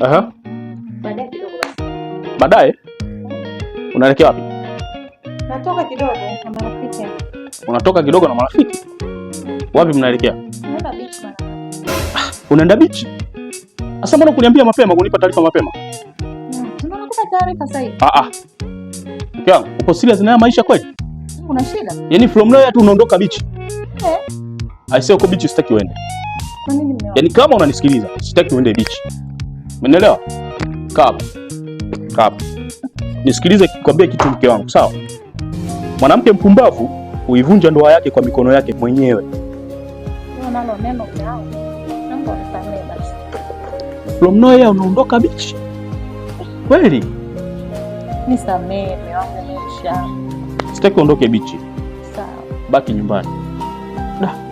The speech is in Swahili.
Aha. Baadaye kidogo Baadaye? Unaelekea wapi? Natoka kidogo na marafiki. Unatoka kidogo na marafiki? Wapi mnaelekea? Ah, unaenda beach? Asa mbona kuniambia mapema, kunipa taarifa mapema? Hmm, Tunakupa taarifa sasa ah, ah. uko serious na maisha kweli? Una shida? Yaani from now tu unaondoka beach. Eh. Aisee, uko beach sitaki uende. Kwa nini? Yaani kama unanisikiliza, sitaki uende beach. Umeelewa? Kaa hapo. Nisikilize kikwambie kitu mke wangu, sawa? Mwanamke mpumbavu huivunja ndoa yake kwa mikono yake mwenyewe. From nowhere unaondoka bichi kweli? Nisamee mume wangu, sitaki uondoke bichi. Sawa. Baki nyumbani. Da.